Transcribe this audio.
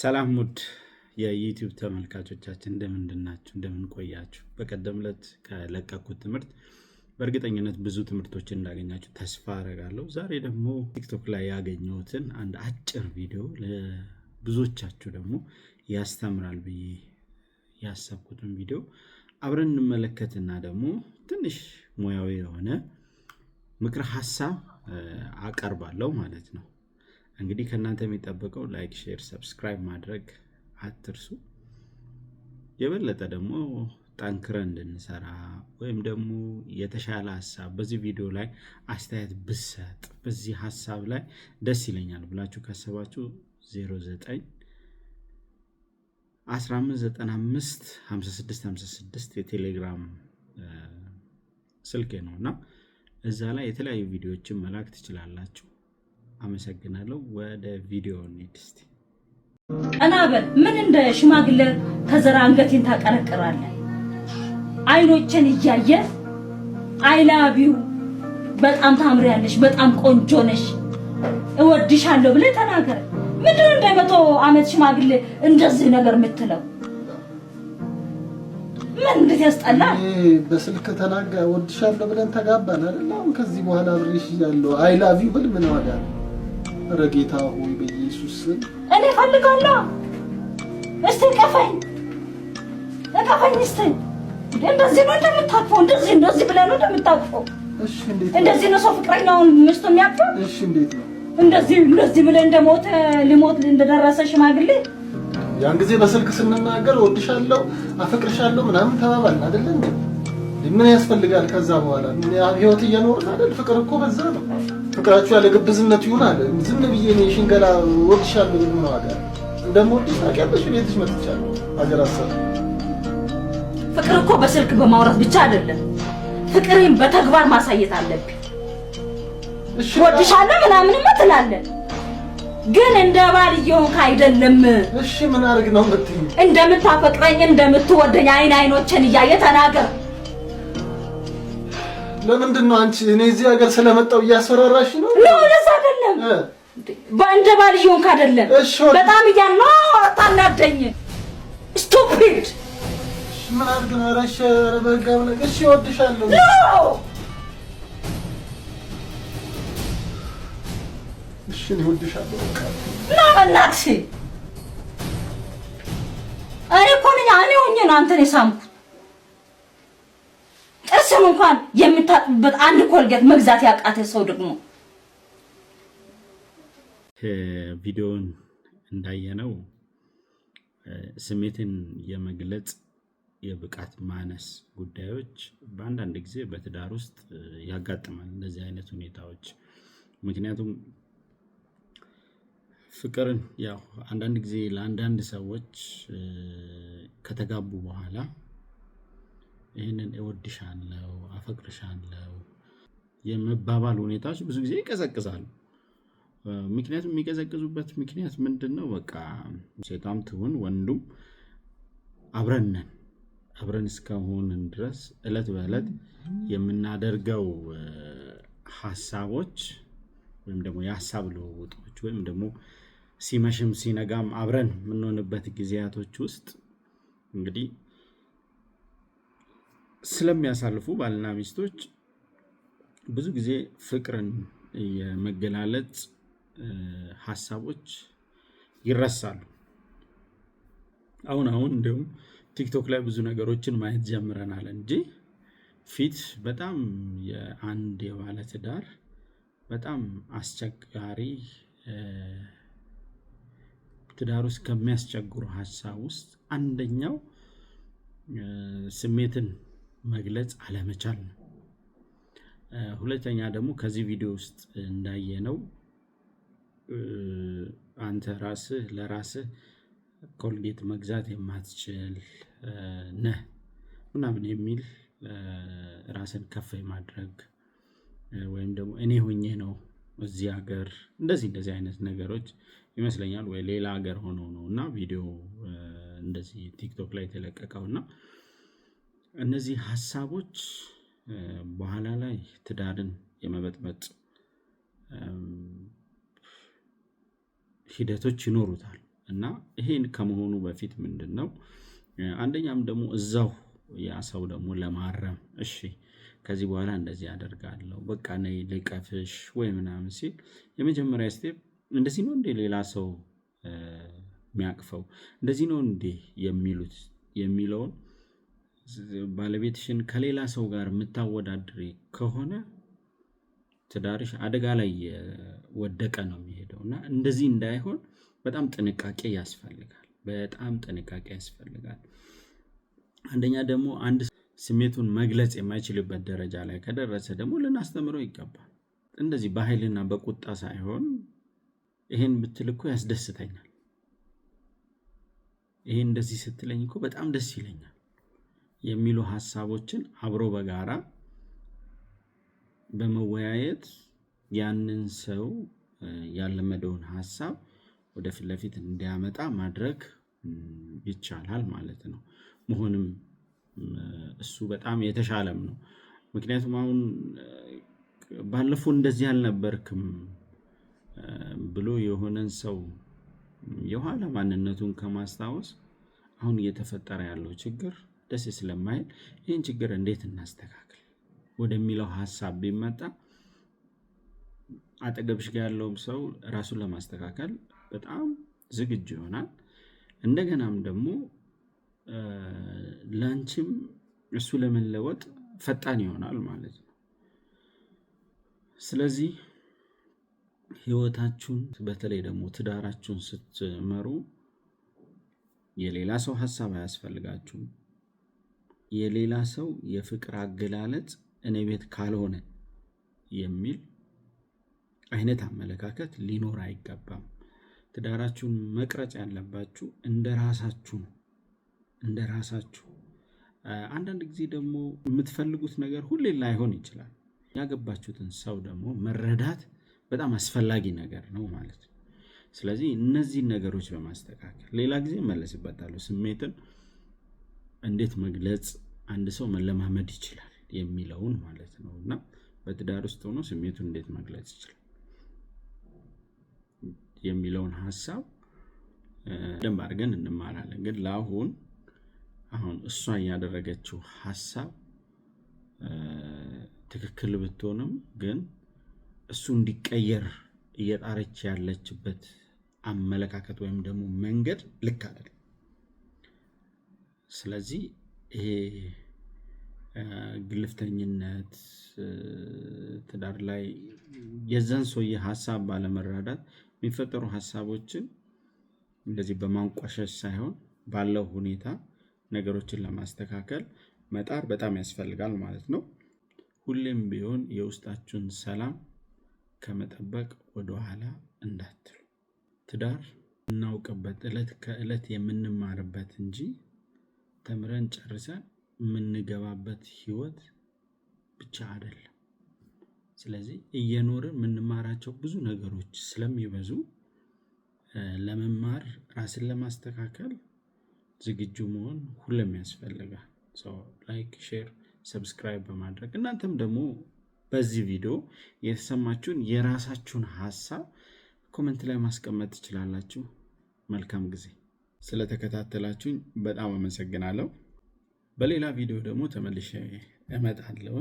ሰላም ውድ የዩቲዩብ ተመልካቾቻችን እንደምንድናችሁ እንደምንቆያችሁ። በቀደም ለት ከለቀኩት ትምህርት በእርግጠኝነት ብዙ ትምህርቶችን እንዳገኛችሁ ተስፋ አረጋለሁ ዛሬ ደግሞ ቲክቶክ ላይ ያገኘሁትን አንድ አጭር ቪዲዮ ለብዙዎቻችሁ ደግሞ ያስተምራል ብዬ ያሰብኩትን ቪዲዮ አብረን እንመለከትና ደግሞ ትንሽ ሙያዊ የሆነ ምክር ሀሳብ አቀርባለሁ ማለት ነው። እንግዲህ ከእናንተ የሚጠበቀው ላይክ፣ ሼር፣ ሰብስክራይብ ማድረግ አትርሱ። የበለጠ ደግሞ ጠንክረን እንድንሰራ ወይም ደግሞ የተሻለ ሀሳብ በዚህ ቪዲዮ ላይ አስተያየት ብሰጥ በዚህ ሀሳብ ላይ ደስ ይለኛል ብላችሁ ካሰባችሁ 0915955656 የቴሌግራም ስልኬ ነው እና እዛ ላይ የተለያዩ ቪዲዮዎችን መላክ ትችላላችሁ። አመሰግናለሁ። ወደ ቪዲዮ እንሂድ እስኪ። ቀና በል። ምን እንደ ሽማግሌ ከዘራ አንገቴን ታቀረቅራለህ? አይኖችን እያየ አይላቢው በጣም ታምሪያለሽ፣ በጣም ቆንጆ ነሽ፣ እወድሻለሁ ብለህ ተናገር። ምንድነው እንደ መቶ ዓመት ሽማግሌ እንደዚህ ነገር የምትለው? ምን እንዴት ያስጠላል። በስልክ ተናጋ እወድሻለሁ ብለን ተጋባን አይደል? አሁን ከዚህ በኋላ አብሬሽ እያለሁ አይ ላቭ ዩ ብል ምን ዋጋ ኧረ ጌታ ሆይ በኢየሱስ ስም እኔ እፈልጋለሁ። እስቲ ቀፈኝ ቀፈኝ። እስቲ እንደዚህ ነው እንደምታቅፈው፣ እንደዚህ እንደዚህ ብለህ ነው እንደምታቅፈው። እሺ፣ እንዴት እንደዚህ ነው ሰው ፍቅረኛውን ሚስቱ የሚያቅፈው? እሺ፣ እንዴት ነው እንደዚህ እንደዚህ ብለህ እንደሞተ ሊሞት እንደደረሰ ሽማግሌ ያን ጊዜ በስልክ ስንናገር ወድሻለሁ፣ አፈቅርሻለሁ ምናምን ተባባልን አይደል ምን ያስፈልጋል? ከዛ በኋላ ህይወት እየኖርን አይደል? ፍቅር እኮ በዛ ነው። ፍቅራችሁ ያለ ግብዝነት ይሆናል። ዝም ብዬ እኔ ሽንገላ ወድሻለሁ ምን ዋጋ እንደምወድሽ ታውቂያለሽ። ቤትሽ መጥቻለሁ። አገር አሰብ ፍቅር እኮ በስልክ በማውራት ብቻ አይደለም። ፍቅሬን በተግባር ማሳየት አለብኝ። ወድሻለሁ ምናምንም ትላለህ ግን እንደ ባል እየሆንክ አይደለም። እሺ ምን አድርግ ነው የምትይኝ? እንደምታፈቅረኝ እንደምትወደኝ አይን አይኖችን እያየ ተናገር። ለምንድን ነው አንቺ እኔ እዚህ ሀገር ስለመጣው እያስፈራራሽ ነው? ነው ለዛ አይደለም በእንደ ባልየውን እየሆንክ በጣም እያለ ታናደኝ። ስቱፒድ ምን አድርግ ነው? ኧረ እሺ፣ ኧረ በሕግ አምላክ እሺ፣ እወድሻለሁ እሺ፣ እኔ እወድሻለሁ እና በእናትሽ እኔ እኮ ነኝ እኔ ሆኜ ነው አንተን የሳምኩት ጥርሱን እንኳን የምታጥብበት አንድ ኮልጌት መግዛት ያቃተ ሰው ደግሞ ቪዲዮን እንዳየነው ስሜትን የመግለጽ የብቃት ማነስ ጉዳዮች በአንዳንድ ጊዜ በትዳር ውስጥ ያጋጥማል እንደዚህ አይነት ሁኔታዎች። ምክንያቱም ፍቅርን ያው አንዳንድ ጊዜ ለአንዳንድ ሰዎች ከተጋቡ በኋላ ይህንን እወድሻለው አፈቅርሻለው የመባባል ሁኔታዎች ብዙ ጊዜ ይቀዘቅዛሉ። ምክንያቱም የሚቀዘቅዙበት ምክንያት ምንድን ነው? በቃ ሴቷም ትሁን ወንዱም አብረንን አብረን እስከሆንን ድረስ እለት በእለት የምናደርገው ሀሳቦች ወይም ደግሞ የሀሳብ ልውውጦች ወይም ደግሞ ሲመሽም ሲነጋም አብረን የምንሆንበት ጊዜያቶች ውስጥ እንግዲህ ስለሚያሳልፉ ባልና ሚስቶች ብዙ ጊዜ ፍቅርን የመገላለጽ ሀሳቦች ይረሳሉ። አሁን አሁን እንዲሁም ቲክቶክ ላይ ብዙ ነገሮችን ማየት ጀምረናል እንጂ ፊት በጣም የአንድ የባለ ትዳር በጣም አስቸጋሪ ትዳር ውስጥ ከሚያስቸግሩ ሀሳብ ውስጥ አንደኛው ስሜትን መግለጽ አለመቻል ነው። ሁለተኛ ደግሞ ከዚህ ቪዲዮ ውስጥ እንዳየነው አንተ ራስህ ለራስህ ኮልጌት መግዛት የማትችል ነህ ምናምን የሚል ራስን ከፍ ማድረግ ወይም ደግሞ እኔ ሆኜ ነው እዚህ ሀገር እንደዚህ እንደዚህ አይነት ነገሮች ይመስለኛል ወይ ሌላ ሀገር ሆኖ ነው እና ቪዲዮ እንደዚህ ቲክቶክ ላይ የተለቀቀው እና እነዚህ ሀሳቦች በኋላ ላይ ትዳርን የመበጥበጥ ሂደቶች ይኖሩታል እና ይሄን ከመሆኑ በፊት ምንድን ነው አንደኛም ደግሞ እዛው ያሰው ሰው ደግሞ ለማረም እሺ ከዚህ በኋላ እንደዚህ አደርጋለሁ በቃ ነይ ልቀፍሽ ወይ ምናምን ሲል የመጀመሪያ ስቴ እንደዚህ ነው እንዴ ሌላ ሰው የሚያቅፈው እንደዚህ ነው እንዴ የሚሉት የሚለውን ባለቤትሽን ከሌላ ሰው ጋር የምታወዳድሪ ከሆነ ትዳርሽ አደጋ ላይ የወደቀ ነው የሚሄደው እና እንደዚህ እንዳይሆን በጣም ጥንቃቄ ያስፈልጋል። በጣም ጥንቃቄ ያስፈልጋል። አንደኛ ደግሞ አንድ ስሜቱን መግለጽ የማይችልበት ደረጃ ላይ ከደረሰ ደግሞ ልናስተምረው ይገባል። እንደዚህ በኃይልና በቁጣ ሳይሆን ይሄን ብትል እኮ ያስደስተኛል፣ ይሄን እንደዚህ ስትለኝ እኮ በጣም ደስ ይለኛል የሚሉ ሀሳቦችን አብሮ በጋራ በመወያየት ያንን ሰው ያለመደውን ሀሳብ ወደፊት ለፊት እንዲያመጣ ማድረግ ይቻላል ማለት ነው። መሆንም እሱ በጣም የተሻለም ነው። ምክንያቱም አሁን ባለፈው እንደዚህ አልነበርክም ብሎ የሆነን ሰው የኋላ ማንነቱን ከማስታወስ አሁን እየተፈጠረ ያለው ችግር ደስ ስለማይል ይህን ችግር እንዴት እናስተካክል ወደሚለው ሀሳብ ቢመጣ አጠገብሽ ጋር ያለውም ሰው ራሱን ለማስተካከል በጣም ዝግጁ ይሆናል። እንደገናም ደግሞ ለአንቺም እሱ ለመለወጥ ፈጣን ይሆናል ማለት ነው። ስለዚህ ህይወታችሁን በተለይ ደግሞ ትዳራችሁን ስትመሩ የሌላ ሰው ሀሳብ አያስፈልጋችሁም። የሌላ ሰው የፍቅር አገላለጽ እኔ ቤት ካልሆነ የሚል አይነት አመለካከት ሊኖር አይገባም። ትዳራችሁን መቅረጽ ያለባችሁ እንደ ራሳችሁ ነው፣ እንደ ራሳችሁ። አንዳንድ ጊዜ ደግሞ የምትፈልጉት ነገር ሁሌ ላይሆን ይችላል። ያገባችሁትን ሰው ደግሞ መረዳት በጣም አስፈላጊ ነገር ነው ማለት ነው። ስለዚህ እነዚህን ነገሮች በማስተካከል ሌላ ጊዜ መለስበታለሁ ስሜትን እንዴት መግለጽ አንድ ሰው መለማመድ ይችላል የሚለውን ማለት ነው። እና በትዳር ውስጥ ሆኖ ስሜቱን እንዴት መግለጽ ይችላል የሚለውን ሀሳብ ደንብ አድርገን እንማራለን። ግን ለአሁን አሁን እሷ ያደረገችው ሀሳብ ትክክል ብትሆንም ግን እሱ እንዲቀየር እየጣረች ያለችበት አመለካከት ወይም ደግሞ መንገድ ልክ አይደለም። ስለዚህ ይሄ ግልፍተኝነት ትዳር ላይ የዛን ሰውዬ ሀሳብ ባለመረዳት የሚፈጠሩ ሀሳቦችን እንደዚህ በማንቋሸሽ ሳይሆን ባለው ሁኔታ ነገሮችን ለማስተካከል መጣር በጣም ያስፈልጋል ማለት ነው። ሁሌም ቢሆን የውስጣችሁን ሰላም ከመጠበቅ ወደኋላ እንዳትሉ። ትዳር እናውቅበት እለት ከእለት የምንማርበት እንጂ ተምረን ጨርሰን የምንገባበት ህይወት ብቻ አይደለም። ስለዚህ እየኖርን የምንማራቸው ብዙ ነገሮች ስለሚበዙ ለመማር ራስን ለማስተካከል ዝግጁ መሆን ሁሉም ያስፈልጋል። ላይክ፣ ሼር፣ ሰብስክራይብ በማድረግ እናንተም ደግሞ በዚህ ቪዲዮ የተሰማችሁን የራሳችሁን ሀሳብ ኮመንት ላይ ማስቀመጥ ትችላላችሁ። መልካም ጊዜ ስለተከታተላችሁኝ በጣም አመሰግናለሁ። በሌላ ቪዲዮ ደግሞ ተመልሼ እመጣለሁ።